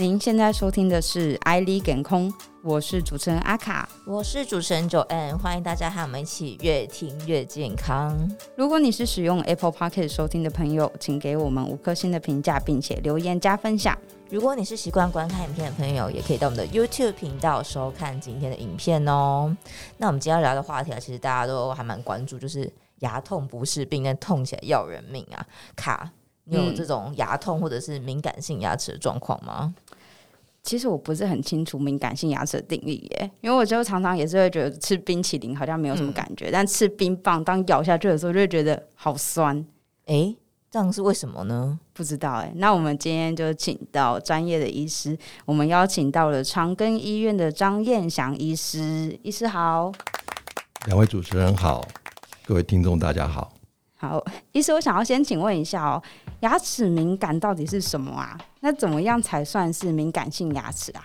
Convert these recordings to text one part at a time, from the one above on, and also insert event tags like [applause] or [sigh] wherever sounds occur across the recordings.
您現在收聽的是《愛麗健康》，我是主持人阿卡，我是主持人九恩，歡迎大家和我們一起越聽越健康。如果你是使用 Apple Podcast 收聽的朋友，請給我們五顆星的評價，並且留言加分享。如果你是習慣觀看影片的朋友，也可以到我們的 YouTube 頻道收看今天的影片哦。那我們今天要聊的話題啊，其實大家都還蠻關注，就是牙痛不是病，但痛起來要人命啊！卡，你有這種牙痛或者是敏感性牙齒的狀況嗎？嗯其實我不是很清楚敏感性牙齒的定義耶，因為我就常常也是會覺得吃冰淇淋好像沒有什麼感覺，嗯、但吃冰棒當咬下去的時候就會覺得好酸，誒，這樣是為什麼呢？不知道誒，那我們今天就請到專業的醫師，我們邀請到了長庚醫院的張晏祥醫師，醫師好，兩位主持人好，各位聽眾大家好。好，醫師，我想要先請問一下哦，牙齒敏感到底是什麼啊？那怎麼樣才算是敏感性牙齒啊？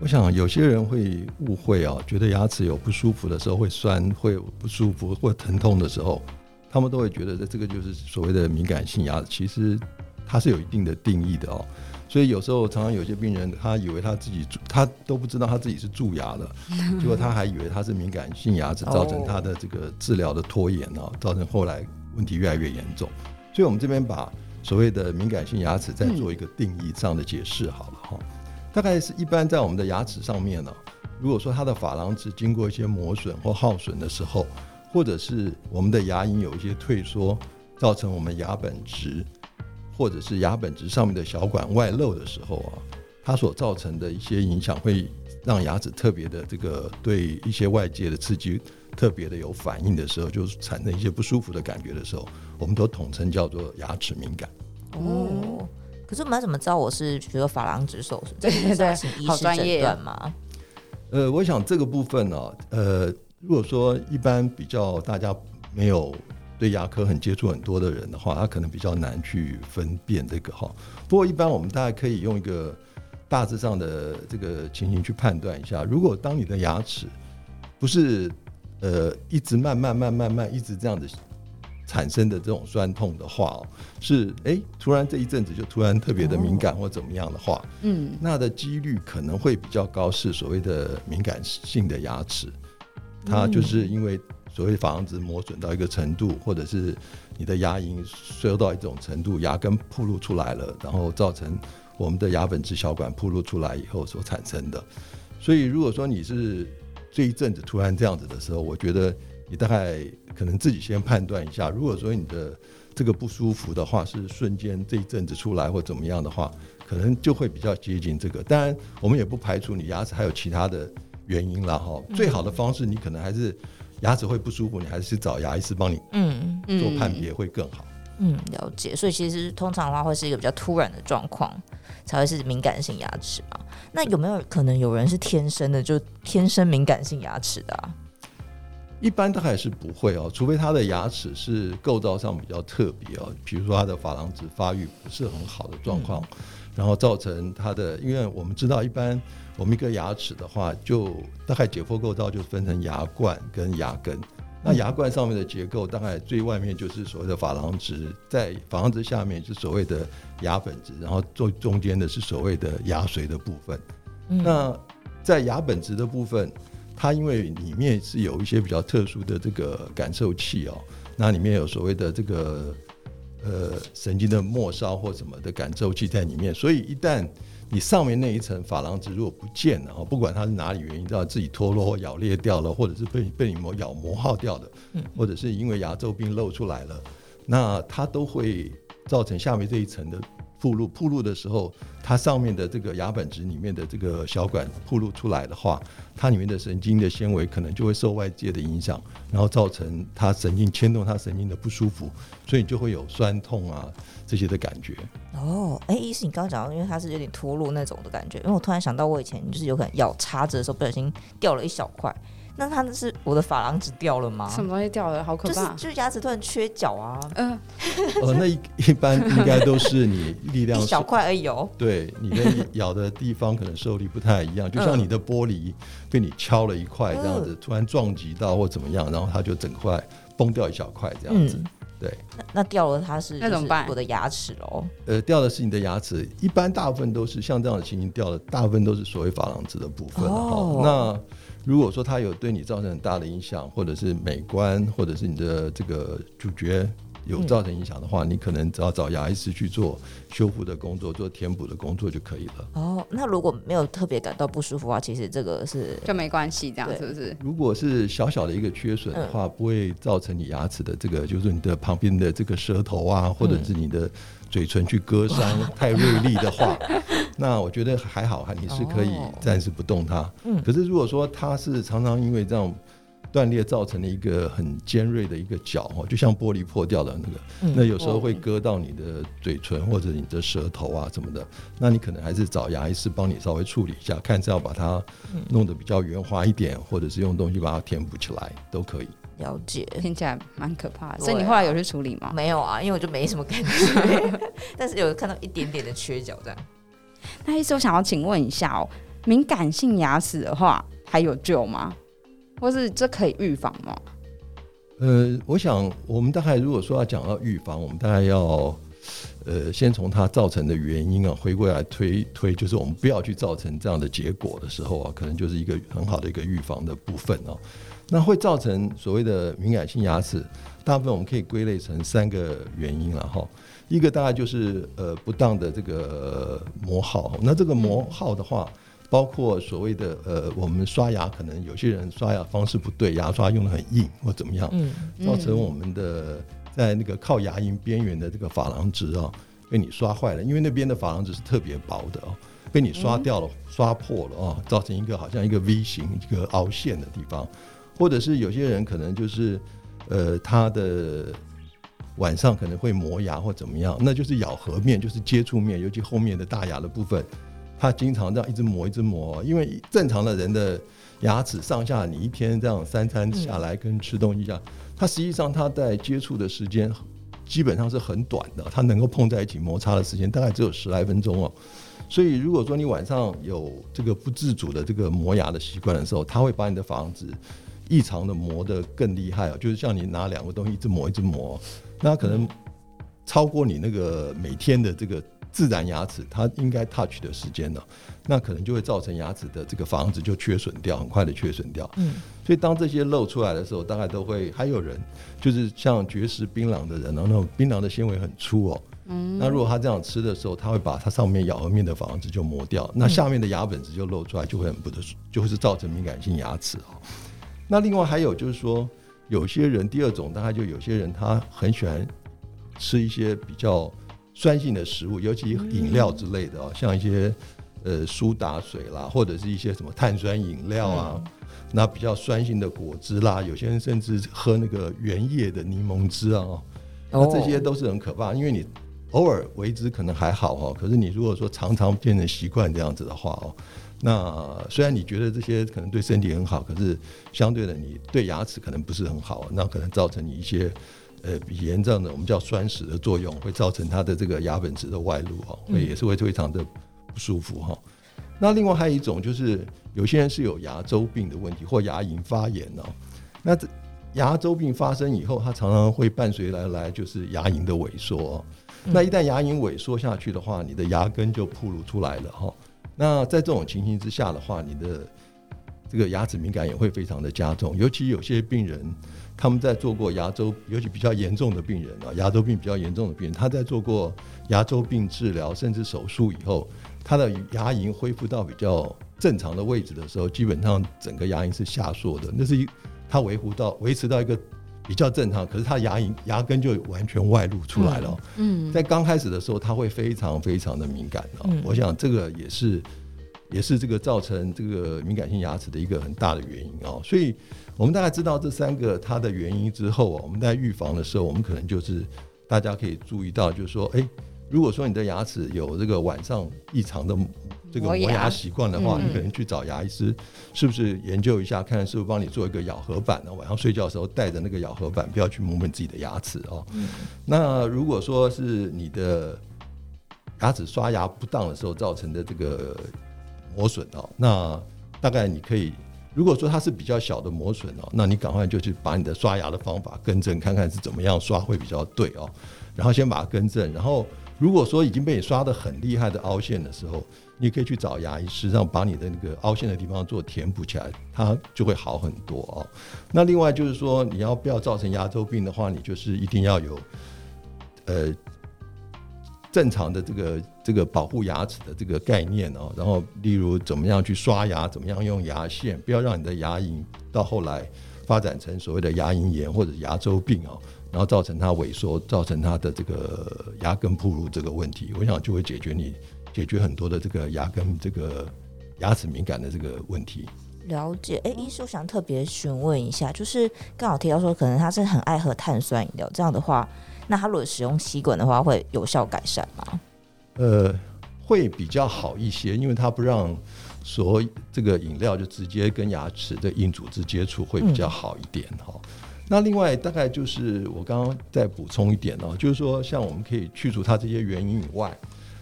我想有些人會誤會哦，覺得牙齒有不舒服的時候會酸，會不舒服或疼痛的時候，他們都會覺得這個就是所謂的敏感性牙。其實它是有一定的定義的哦。所以有時候常常有些病人，他以為他自己，他都不知道他自己是蛀牙了，結果他還以為他是敏感性牙齒，造成他的這個治療的拖延呢、啊，造成後來問題越來越嚴重。所以我們這邊把所謂的敏感性牙齒再做一個定義上的解釋，好了哈。大概是一般在我們的牙齒上面呢、啊，如果說它的珐琅質經過一些磨損或耗損的時候，或者是我們的牙齦有一些退縮，造成我們牙本質。或者是牙本質上面的小管外露的時候啊，它所造成的一些影響，會讓牙齒特別的這個對一些外界的刺激特別的有反應的時候，就是產生一些不舒服的感覺的時候，我們都統稱叫做牙齒敏感。哦、嗯嗯，可是我們怎麼知道我是比如說珐琅質受損，是醫師診斷嗎？對對對，好專業。呃，我想這個部分呢、啊，呃，如果說一般比較大家沒有。對牙科很接觸很多的人的話，他可能比較難去分辨這個哈。不過一般我們大家可以用一個大致上的這個情形去判斷一下。如果當你的牙齒不是呃一直慢慢慢慢慢慢一直這樣子產生的這種酸痛的話，是哎突然這一陣子就突然特別的敏感、哦、或怎麼樣的話，嗯，那的幾率可能會比較高，是所謂的敏感性的牙齒，它就是因為。所謂房子磨損到一個程度，或者是你的牙齦受到一種程度，牙根暴露出來了，然後造成我們的牙本質小管暴露出來以後所產生的。所以，如果說你是這一陣子突然這樣子的時候，我覺得你大概可能自己先判斷一下。如果說你的這個不舒服的話是瞬間這一陣子出來或怎麼樣的話，可能就會比較接近這個。當然，我們也不排除你牙齒還有其他的原因了哈。最好的方式，你可能還是。牙齒會不舒服，你還是去找牙醫師幫你，嗯，做判別會更好。嗯，了解。所以其實通常的話，會是一個比較突然的狀況，才會是敏感性牙齒嘛。那有沒有可能有人是天生的，就天生敏感性牙齒的啊？一般都還是不會哦，除非他的牙齒是構造上比較特別哦，比如說他的珐琅質發育不是很好的狀況。嗯然後造成它的，因為我們知道，一般我們一個牙齒的話，就大概解剖構造就分成牙冠跟牙根。那牙冠上面的結構，大概最外面就是所謂的琺琅質，在琺琅質下面就是所謂的牙本質，然後最中間的是所謂的牙髓的部分。那在牙本質的部分，它因為裡面是有一些比較特殊的這個感受器哦，那裡面有所謂的這個。呃，神經的末梢或什麼的感受器在裡面，所以一旦你上面那一層珐琅質如果不見了，哦，不管它是哪裡原因，到自己脫落或咬裂掉了，或者是被被你磨咬磨耗掉的，嗯，或者是因為牙周病露出來了，那它都會造成下面這一層的。暴露，暴露的時候，它上面的這個牙本質裡面的這個小管暴露出來的話，它裡面的神經的纖維可能就會受外界的影響，然後造成它神經牽動它神經的不舒服，所以就會有酸痛啊這些的感覺。哦，哎、欸，醫師你剛剛講到，因為它是有點脫落那種的感覺，因為我突然想到我以前就是有可能咬叉子的時候不小心掉了一小塊。那他，那是我的珐琅質掉了嗎？什麼東西掉了，好可怕！就是就是牙齒突然缺角啊。嗯、呃。 [laughs] 哦，那一一般應該都是你力量 [laughs] 小塊而已哦，對，你跟咬的地方可能受力不太一樣， [laughs] 就像你的玻璃被你敲了一塊這樣子，呃、突然撞擊到或怎麼樣，然後它就整塊崩掉一小塊這樣子。嗯、對那。那掉了，它是，是那怎麼辦？我的牙齒哦，呃，掉的是你的牙齒，一般大部分都是像這樣的情形掉的，大部分都是所謂珐琅質的部分。哦。那。如果說它有對你造成很大的影響，或者是美觀，或者是你的這個主角有造成影響的話，嗯，你可能只要找牙醫師去做修復的工作，做填補的工作就可以了。哦，那如果沒有特別感到不舒服啊，其實這個是就沒關係，這樣是不是？如果是小小的一個缺損的話，嗯，不會造成你牙齒的這個，就是你的旁邊的這個舌頭啊，或者是你的嘴唇去割傷太銳利的話。嗯 [laughs] 那我覺得還好哈，你是可以暫時不動它，哦。嗯。可是如果說它是常常因為這樣斷裂，造成了一個很尖銳的一個角哦，就像玻璃破掉的那個，嗯，那有時候會割到你的嘴唇或者你的舌頭啊什麼的。那你可能還是找牙醫師幫你稍微處理一下，看是要把它弄得比較圓滑一點，或者是用東西把它填補起來都可以。了解，聽起來蠻可怕的，啊。所以你後來有去處理嗎？沒有啊，因為我就沒什麼感覺， [laughs] [laughs] 但是有看到一點點的缺角在。那意思我想要請問一下哦，敏感性牙齒的話還有救嗎？或是這可以預防嗎？呃，我想我們大概如果說要講到預防，我們大概要呃先從它造成的原因啊回過來推推，就是我們不要去造成這樣的結果的時候啊，可能就是一個很好的一個預防的部分哦、啊。那會造成所謂的敏感性牙齒，大部分我們可以歸類成三個原因了哈。一個大概就是呃不當的這個磨耗、呃，那這個磨耗的話、嗯，包括所謂的呃我們刷牙，可能有些人刷牙方式不對、啊，牙刷用得很硬或怎麼樣嗯，嗯，造成我們的在那個靠牙齦邊緣的這個琺瑯質啊被你刷壞了，因為那邊的琺瑯質是特別薄的哦、啊，被你刷掉了、嗯、刷破了哦、啊，造成一個好像一個 V 型一個凹陷的地方，或者是有些人可能就是呃他的。晚上可能會磨牙或怎麼樣，那就是咬合面，就是接觸面，尤其後面的大牙的部分，它經常這樣一直磨，一直磨、哦。因為正常的人的牙齒上下，你一天這樣三餐下來跟吃東西一樣。嗯、它實際上它在接觸的時間基本上是很短的，它能夠碰在一起摩擦的時間大概只有十來分鐘哦。所以如果說你晚上有這個不自主的這個磨牙的習慣的時候，它會把你的房子異常的磨得更厲害哦，就是像你拿兩個東西一直磨，一直磨、哦。那可能超過你那個每天的這個自然牙齒它應該 touch 的時間呢、喔？那可能就會造成牙齒的這個琺瑯質就缺損掉，很快的缺損掉。嗯，所以當這些露出來的時候，大概都會還有人就是像嚼食檳榔的人後、喔、那種檳榔的纖維很粗哦、喔。嗯，那如果他這樣吃的時候，他會把它上面咬合面的琺瑯質就磨掉，那下面的牙本質就露出來，就會很不得，就會是造成敏感性牙齒哦、喔。那另外還有就是說。有些人，第二種大概就有些人，他很喜歡吃一些比較酸性的食物，尤其飲料之類的哦。像一些呃蘇打水啦，或者是一些什麼碳酸飲料啊，那比較酸性的果汁啦，有些人甚至喝那個原液的檸檬汁啊，那這些都是很可怕，因為你。偶爾為之可能還好哦，可是你如果說常常變成習慣這樣子的話哦，那雖然你覺得這些可能對身體很好，可是相對的，你對牙齒可能不是很好，那可能造成你一些呃炎症的，我們叫酸蝕的作用，會造成它的這個牙本質的外露哈，也是會非常的不舒服哈。嗯。那另外還有一種就是有些人是有牙周病的問題或牙齦發炎哦，那這牙周病發生以後，它常常會伴隨來來就是牙齦的萎縮。哦。那一旦牙齦萎縮下去的話，你的牙根就暴露出來了哈。那在這種情形之下的話，你的這個牙齒敏感也會非常的加重。尤其有些病人，他們在做過牙周，尤其比較嚴重的病人啊，牙周病比較嚴重的病人，他在做過牙周病治療甚至手術以後，他的牙齦恢復到比較正常的位置的時候，基本上整個牙齦是下縮的。那是一，他維護到維持到一個。比較正常，可是它牙齦、牙根就完全外露出來了。嗯，在剛開始的時候，它會非常非常的敏感的、嗯。我想這個也是，也是這個造成這個敏感性牙齒的一個很大的原因啊。所以，我們大概知道這三個它的原因之後啊，我們在預防的時候，我們可能就是大家可以注意到，就是說，哎、欸。如果說你的牙齒有這個晚上異常的這個磨牙習慣的話，你可能去找牙醫師，是不是研究一下，看是不是幫你做一個咬合板呢、啊？晚上睡覺的時候戴着那個咬合板，不要去磨磨自己的牙齒哦。那如果說是你的牙齒刷牙不當的時候造成的這個磨損哦，那大概你可以，如果說它是比較小的磨損哦，那你趕快就去把你的刷牙的方法更正，看看是怎麼樣刷會比較對哦、喔，然後先把它更正，然後。如果說已經被你刷得很厲害的凹陷的時候，你可以去找牙醫，實際上把你的那個凹陷的地方做填補起來，它就會好很多啊、哦。那另外就是說，你要不要造成牙周病的話，你就是一定要有呃正常的這個這個保護牙齒的這個概念哦。然後例如怎麼樣去刷牙，怎麼樣用牙線，不要讓你的牙齦到後來發展成所謂的牙齦炎或者牙周病啊、哦。然後造成他萎縮，造成他的這個牙根暴露這個問題，我想就會解決你解決很多的這個牙根、這個牙齒敏感的這個問題。了解，哎、欸，醫生，我想特別詢問一下，就是剛好提到說，可能他是很愛喝碳酸飲料，這樣的話，那他如果使用吸管的話，會有效改善嗎？呃，會比較好一些，因為他不讓所有這個飲料就直接跟牙齒的硬組織接觸，會比較好一點哈。嗯那另外大概就是我剛剛再補充一點哦、喔，就是說像我們可以去除它這些原因以外，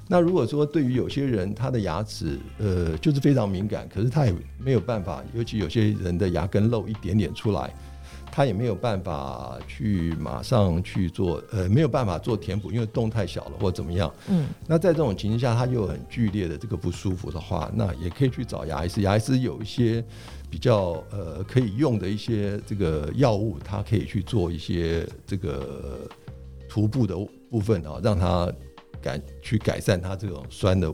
那如果說對於有些人他的牙齒呃就是非常敏感，可是他也沒有辦法，尤其有些人的牙根露一點點出來。他也沒有辦法去馬上去做，呃，沒有辦法做填補，因為洞太小了或怎麼樣。嗯，那在這種情形下，他又很劇烈的這個不舒服的話，那也可以去找牙醫師。牙醫師有一些比較呃可以用的一些這個藥物，他可以去做一些這個塗布的部分啊、哦，讓他改去改善他這種酸的，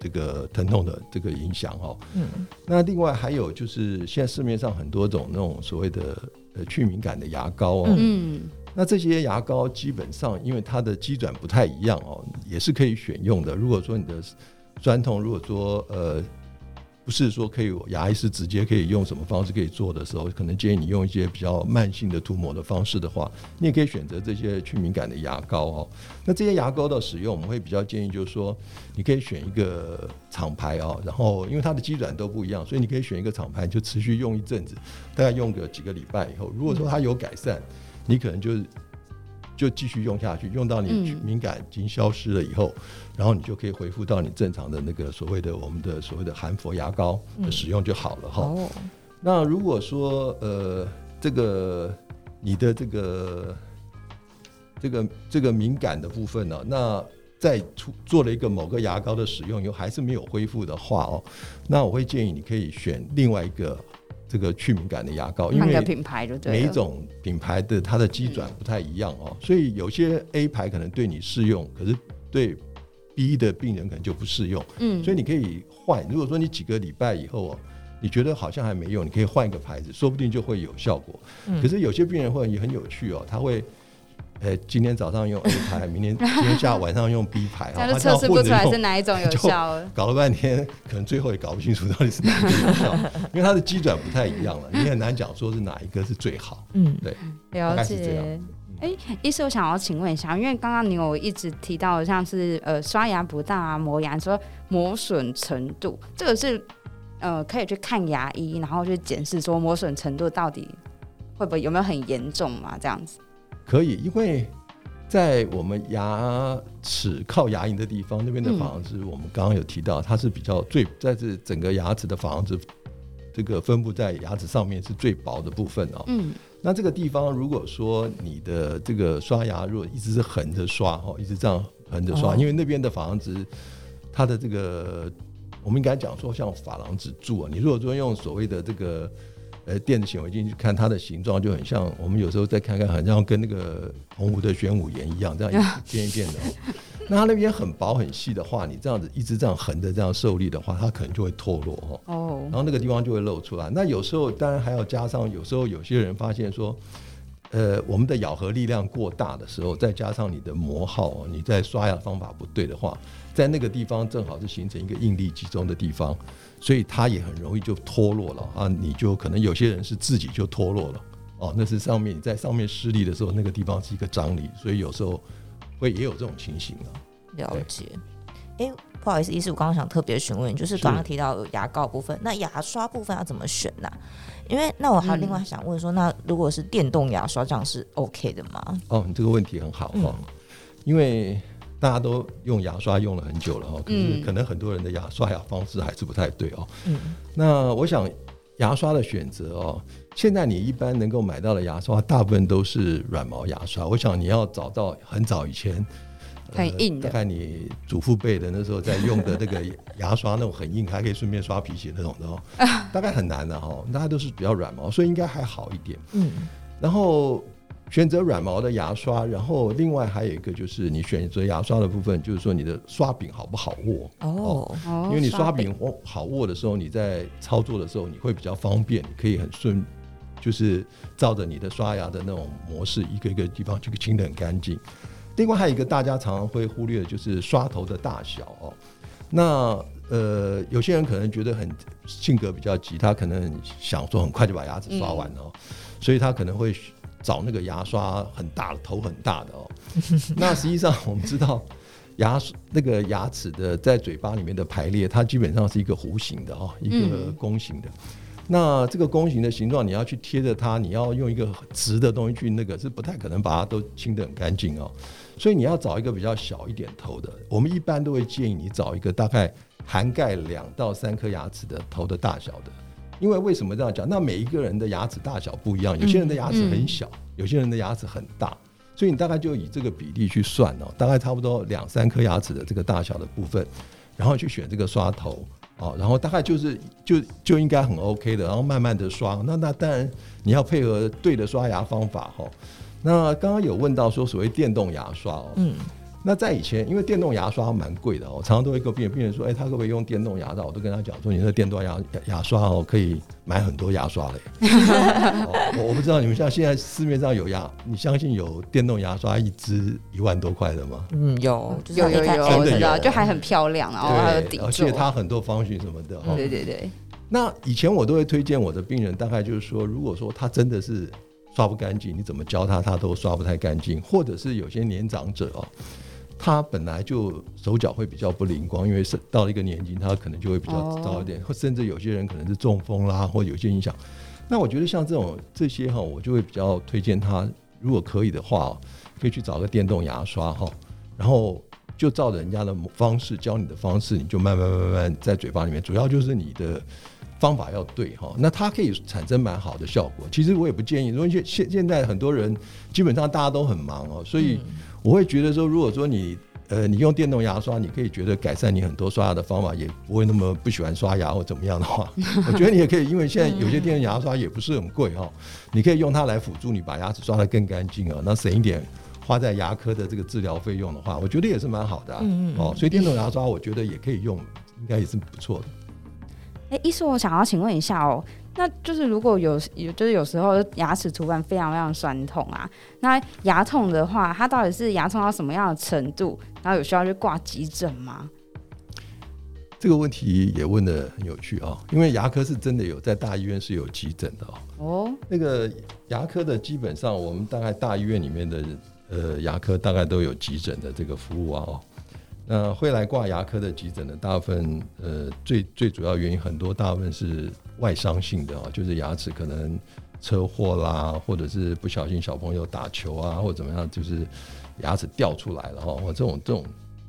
這個疼痛的這個影響哦，嗯，那另外還有就是，現在市面上很多種那種所謂的呃去敏感的牙膏哦、喔，嗯，嗯，那這些牙膏基本上因為它的機轉不太一樣哦、喔，也是可以選用的。如果說你的酸痛，如果說呃。不是說可以牙醫是直接可以用什麼方式可以做的時候，可能建議你用一些比較慢性的塗抹的方式的話，你也可以選擇這些去敏感的牙膏哦。那這些牙膏的使用，我們會比較建議就是說，你可以選一個廠牌哦，然後因為它的基軟都不一樣，所以你可以選一個廠牌就持續用一陣子，大概用個幾個禮拜以後，如果說它有改善，你可能就就繼續用下去，用到你敏感已經消失了以後，嗯、然後你就可以恢復到你正常的那個所謂的我們的所謂的含氟牙膏的使用就好了哈、嗯。那如果說呃，這個你的這個這個這個敏感的部分呢、喔，那在出做了一個某個牙膏的使用以後還是沒有恢復的話哦、喔，那我會建議你可以選另外一個。這個去敏感的牙膏，因為每一種品牌的它的基轉不太一樣哦、嗯、不太一樣哦，所以有些 A 牌可能對你適用，可是對 B 的病人可能就不適用、嗯。所以你可以換。如果說你幾個禮拜以後哦，你覺得好像還沒用，你可以換一個牌子，說不定就會有效果、嗯。可是有些病人會很有趣哦，他會。欸、今天早上用 A 牌，明天今天下午晚上用 B 牌、 [laughs] 啊，他後測試不出來是哪一種有效的，搞了半天，可能最後也搞不清楚到底是哪一種有效， [laughs] 因為它的基準不太一樣了，你很難講說是哪一個是最好。 [laughs] 對，嗯，對，了解。哎、嗯、欸，醫師我想要請問一下，因為剛剛你有一直提到的像是呃刷牙不當啊，磨牙說磨損程度，這個是呃可以去看牙醫，然後去檢視說磨損程度到底會不會有沒有很嚴重嘛？這樣子。可以，因為在我們牙齒靠牙齦的地方，那邊的琺瑯質我們剛剛有提到、嗯，它是比較最在這整個牙齒的琺瑯質，這個分佈在牙齒上面是最薄的部分啊、哦。嗯，那這個地方，如果說你的這個刷牙，如果一直是橫着刷，哈、哦，一直這樣橫着刷、啊，因為那邊的琺瑯質，它的這個，我們應該講說像珐琅質柱，啊，你如果說用所謂的這個。呃，電子顯微鏡去看它的形狀就很像，我們有時候再看看，好像跟那個洪湖的玄武岩一樣，這樣一片一片的，哦。 [laughs] 那它那邊很薄很細的話，你這樣子一直這樣橫着，這樣受力的話，它可能就會脫落哦，oh. 然後那個地方就會露出來。那有時候當然還要加上，有時候有些人發現說，呃，我們的咬合力量過大的時候，再加上你的磨耗，哦，你在刷牙的方法不對的話。在那個地方正好是形成一個應力集中的地方，所以它也很容易就脫落了啊！你就可能有些人是自己就脫落了哦。那是上面你在上面施力的時候，那個地方是一個張力，所以有時候會也有這種情形啊。了解。哎、欸，不好意思，意思我剛剛想特別詢問，就是剛剛提到牙膏部分，那牙刷部分要怎麼選呢、啊？因為那我還另外想問說，嗯、那如果是電動牙刷，這樣是 OK 的嗎？哦，你這個問題很好哈、嗯，因為。大家都用牙刷用了很久了哈、哦，可是可能很多人的牙刷呀方式還是不太對哦。嗯、那我想牙刷的選擇哦，現在你一般能夠買到的牙刷大部分都是軟毛牙刷。我想你要找到很早以前、呃、很硬的，看你祖父輩的那時候在用的那個牙刷，那種很硬， [laughs] 還可以順便刷皮鞋那種的哦，哦、啊。大概很難的哈、哦。大家都是比較軟毛，所以應該還好一點。嗯，然後選擇軟毛的牙刷，然後另外還有一個就是你選擇牙刷的部分，就是說你的刷柄好不好握，oh, 哦？因為你刷柄，好，刷柄好握的時候，你在操作的時候你會比較方便，你可以很順，就是照着你的刷牙的那種模式，一個一個地方去清得很乾淨。另外還有一個大家常常會忽略的就是刷頭的大小哦。那呃，有些人可能覺得很性格比較急，他可能想說很快就把牙齒刷完了，哦嗯，所以他可能會。找那個牙刷很大的頭很大的哦、喔， [laughs] 那實際上我們知道牙那個牙齒的在嘴巴裡面的排列，它基本上是一個弧形的哦、喔，一個弓形的、嗯。那這個弓形的形狀，你要去貼着它，你要用一個直的東西去那個，是不太可能把它都清得很乾淨哦。所以你要找一個比較小一點頭的，我們一般都會建議你找一個大概涵蓋兩到三顆牙齒的頭的大小的。因為為什麼這樣講？那每一個人的牙齒大小不一樣，有些人的牙齒很小、嗯嗯，有些人的牙齒很大，所以你大概就以這個比例去算哦，大概差不多兩三顆牙齒的這個大小的部分，然後去選這個刷頭哦。然後大概就是就就應該很 OK 的，然後慢慢的刷。那那當然你要配合對的刷牙方法哈、哦。那剛剛有問到說所謂電動牙刷哦。嗯那在以前，因為電動牙刷蠻貴的哦、喔，常常都會跟病人病人說，哎、欸，他可不可以用電動牙刷？我都跟他講說，你那電動牙牙刷哦、喔，可以買很多牙刷嘞、 [laughs] 喔。我不知道你們像現在市面上有牙，你相信有電動牙刷一支一萬多塊的嗎？嗯，有，有、嗯、有有，我知道、啊、就還很漂亮、啊，然後、哦、還有底座，而且它很多 function 什麼的、喔嗯。對對對。那以前我都會推薦我的病人大概就是說，如果說他真的是刷不乾淨，你怎麼教他，他都刷不太乾淨，或者是有些年長者哦、喔。他本來就手腳會比較不靈光，因為是到了一個年紀，他可能就會比較早一點，oh. 或甚至有些人可能是中風啦，或有些影響。那我覺得像這種這些哈，我就會比較推薦他，如果可以的話，可以去找個電動牙刷哈，然後就照着人家的方式教你的方式，你就慢慢慢慢在嘴巴裡面，主要就是你的。方法要對哈，那它可以產生蠻好的效果。其實我也不建議，因為現現現在很多人基本上大家都很忙哦，所以我會覺得說，如果說你呃你用電動牙刷，你可以覺得改善你很多刷牙的方法，也不會那麼不喜歡刷牙或怎麼樣的話，我覺得你也可以，因為現在有些電動牙刷也不是很貴哈，你可以用它來輔助你把牙齒刷得更乾淨啊，那省一點花在牙科的這個治療費用的話，我覺得也是蠻好的啊。哦，所以電動牙刷我覺得也可以用，應該也是不錯的。欸，醫生，我想要請問一下哦，那就是如果有，就是有時候牙齒突然非常非常酸痛啊，那牙痛的話，它到底是牙痛到什麼樣的程度，然後有需要去掛急診嗎？這個問題也問得很有趣哦。因為牙科是真的有，在大醫院是有急診的哦。哦，那個牙科的基本上，我們大概大醫院裡面的呃牙科大概都有急診的這個服務啊哦。呃、啊，會來掛牙科的急診的大部分，呃，最最主要原因很多，大部分是外傷性的啊、哦，就是牙齒可能車禍啦，或者是不小心小朋友打球啊，或者怎麼樣，就是牙齒掉出來了哈、哦，或這種這種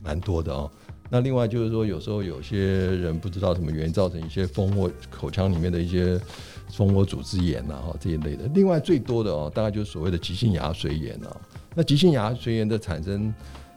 蠻多的哦。那另外就是說，有時候有些人不知道什麼原因造成一些蜂窩口腔裡面的一些蜂窩組織炎吶哈這一類的。另外最多的哦，大概就是所謂的急性牙髓炎啊，那急性牙髓炎的產生。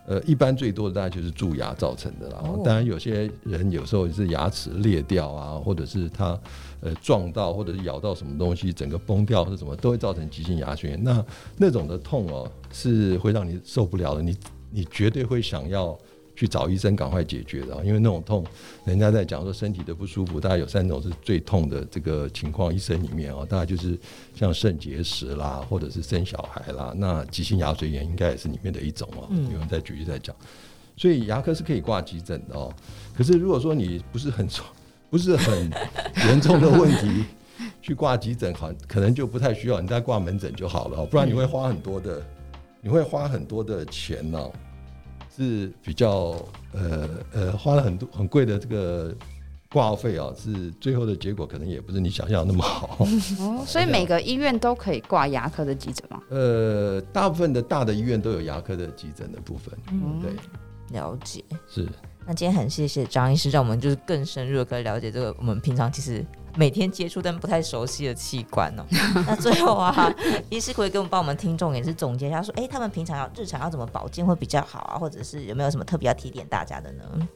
呃，一般最多的大概就是蛀牙造成的啦。Oh. 當然，有些人有時候是牙齒裂掉啊，或者是他呃撞到，或者是咬到什麼東西，整個崩掉或是什麼，都會造成急性牙髓炎。那那種的痛哦、喔，是會讓你受不了的。你你絕對會想要，去找醫生趕快解決的啊，因為那種痛，人家在講說身體的不舒服，大概有三種是最痛的這個情況，醫生裡面哦、喔，大概就是像腎結石啦，或者是生小孩啦，那急性牙髓炎應該也是裡面的一種哦、喔。有人在舉例在講、嗯，所以牙科是可以掛急診的哦、喔。可是如果說你不是很重、不是很嚴重的問題， [laughs] 去掛急診好，可能就不太需要，你再掛門診就好了、喔。不然你會花很多的，嗯、你會花很多的錢呢、喔。是比較呃呃花了很多很貴的這個掛號費啊，是最後的結果可能也不是你想象的那麼好。哦，所以每個醫院都可以掛牙科的急診嗎？呃，大部分的大的醫院都有牙科的急診的部分。嗯，對，了解。是。那今天很謝謝張醫師，讓我們就是更深入的可以了解這個我們平常其實每天接觸但不太熟悉的器官哦。 [laughs] 那最後啊， [laughs] 醫師可以給我們幫我們聽眾也是總結一下說，哎，他們平常要日常要怎麼保健會比較好啊，或者是有沒有什麼特別要提點大家的呢？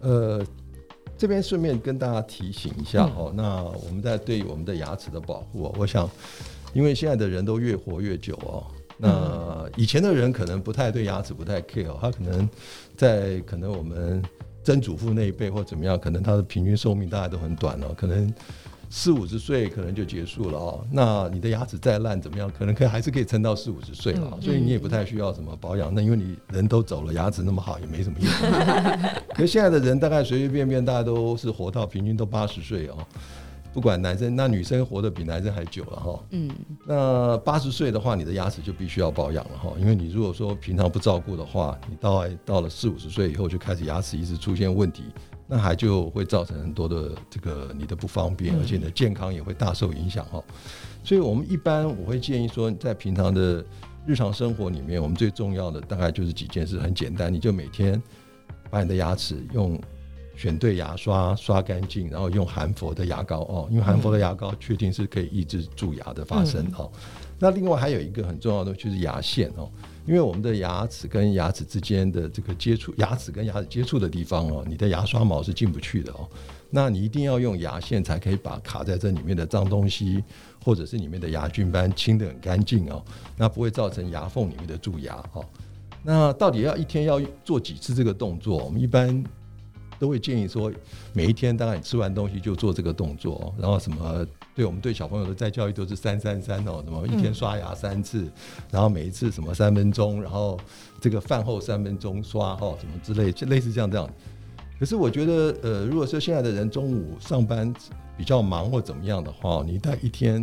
呃，這邊順便跟大家提醒一下哦，嗯，那我們在對我們的牙齒的保護啊，我想因為現在的人都越活越久哦。那以前的人可能不太對牙齒不太 care，他可能在可能我們曾祖父那一輩或怎麼樣，可能他的平均壽命大概都很短哦，可能四五十歲可能就結束了哦。那你的牙齒再爛怎麼樣，可能可還是可以撐到四五十歲啊，所以你也不太需要什麼保養。那因為你人都走了，牙齒那麼好也沒什麼用。可是現在的人大概隨隨便便大家都是活到平均都八十歲哦。不管男生，那女生活得比男生還久了哈。嗯。那八十歲的話，你的牙齒就必須要保養了哈，因為你如果說平常不照顧的話，你到到了四五十歲以後，就開始牙齒一直出現問題，那還就會造成很多的這個你的不方便，而且你的健康也會大受影響哈。嗯。所以我們一般我會建議說，在平常的日常生活裡面，我們最重要的大概就是幾件事，很簡單，你就每天把你的牙齒用。選對牙刷，刷乾淨，然後用含氟的牙膏哦，因為含氟的牙膏確定是可以抑制蛀牙的發生、嗯、哦。那另外還有一個很重要的就是牙線哦，因為我們的牙齒跟牙齒之間的這個接觸，牙齒跟牙齒接觸的地方哦，你的牙刷毛是進不去的哦。那你一定要用牙線，才可以把卡在這裡面的髒東西或者是裡面的牙菌斑清得很乾淨哦，那不會造成牙縫裡面的蛀牙哦。那到底要一天要做幾次這個動作？我們一般，都會建議說，每一天大概你吃完東西就做這個動作，然後什麼，對我們對小朋友的在教育都是三三三哦，什麼一天刷牙三次、嗯，然後每一次什麼三分鐘，然後這個飯後三分鐘刷哈，什麼之類，類似像這樣。可是我覺得，呃，如果說現在的人中午上班比較忙或怎麼樣的話，你大概一天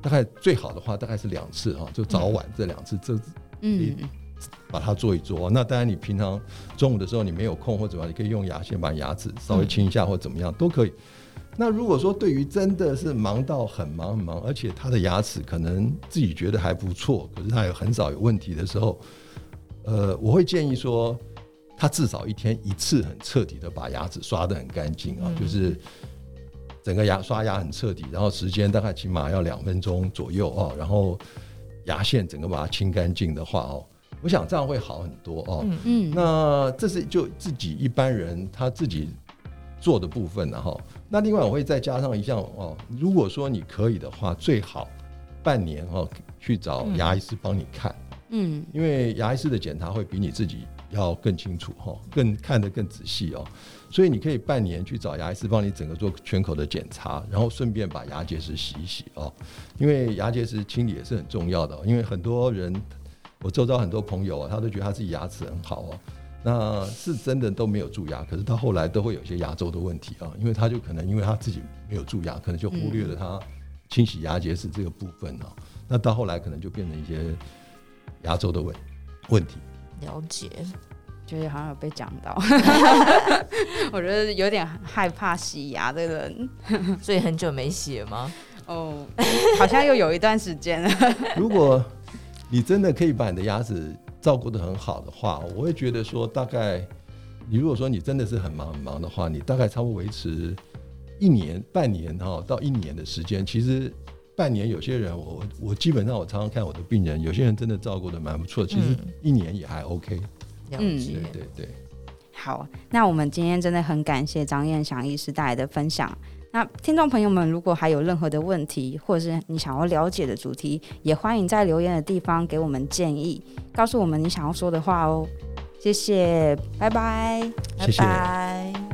大概最好的話大概是兩次啊，就早晚這兩次，這嗯。這把它做一做。那當然，你平常中午的時候你沒有空或者什麼，你可以用牙線把牙齒稍微清一下或怎麼樣都可以。那如果說，對於真的是忙到很忙很忙，而且他的牙齒可能自己覺得還不錯，可是他有很少有問題的時候，呃，我會建議說，他至少一天一次很徹底的把牙齒刷得很乾淨啊，就是整個牙刷牙很徹底，然後時間大概起碼要兩分鐘左右啊，然後牙線整個把它清乾淨的話哦。我想這樣會好很多哦嗯。嗯嗯，那這是就自己一般人他自己做的部分呢，哈。那另外我會再加上一項哦，如果說你可以的話，最好半年哦去找牙醫師幫你看。嗯，因為牙醫師的檢查會比你自己要更清楚哦，更看得更仔細哦。所以你可以半年去找牙醫師幫你整個做全口的檢查，然後順便把牙結石洗一洗哦。因為牙結石清理也是很重要的，因為很多人。我周遭很多朋友啊，他都覺得他自己牙齒很好啊，那是真的都沒有蛀牙，可是到後來都會有一些牙周的問題啊，因為他就可能因為他自己沒有蛀牙，可能就忽略了他清洗牙結石這個部分啊，嗯、那到後來可能就變成一些牙周的問問題。了解，覺得好像有被講到， [laughs] [laughs] 我覺得有點害怕洗牙的人， [laughs] 所以很久沒洗了嗎？哦、oh, [laughs] 好像又有一段時間了。 [laughs] 如果你真的可以把你的牙齒照顧得很好的話，我會覺得說大概，你如果說你真的是很忙很忙的話，你大概差不多維持一年、半年齁到一年的時間。其實半年有些人，我我基本上我常常看我的病人，有些人真的照顧得蠻不錯，其實一年也還 OK。嗯，對對對。好，那我們今天真的很感謝張晏祥醫師帶來的分享。那聽眾朋友們，如果還有任何的問題，或者是你想要了解的主題，也歡迎在留言的地方給我們建議，告訴我們你想要說的話哦。謝謝，拜拜，謝謝。拜拜。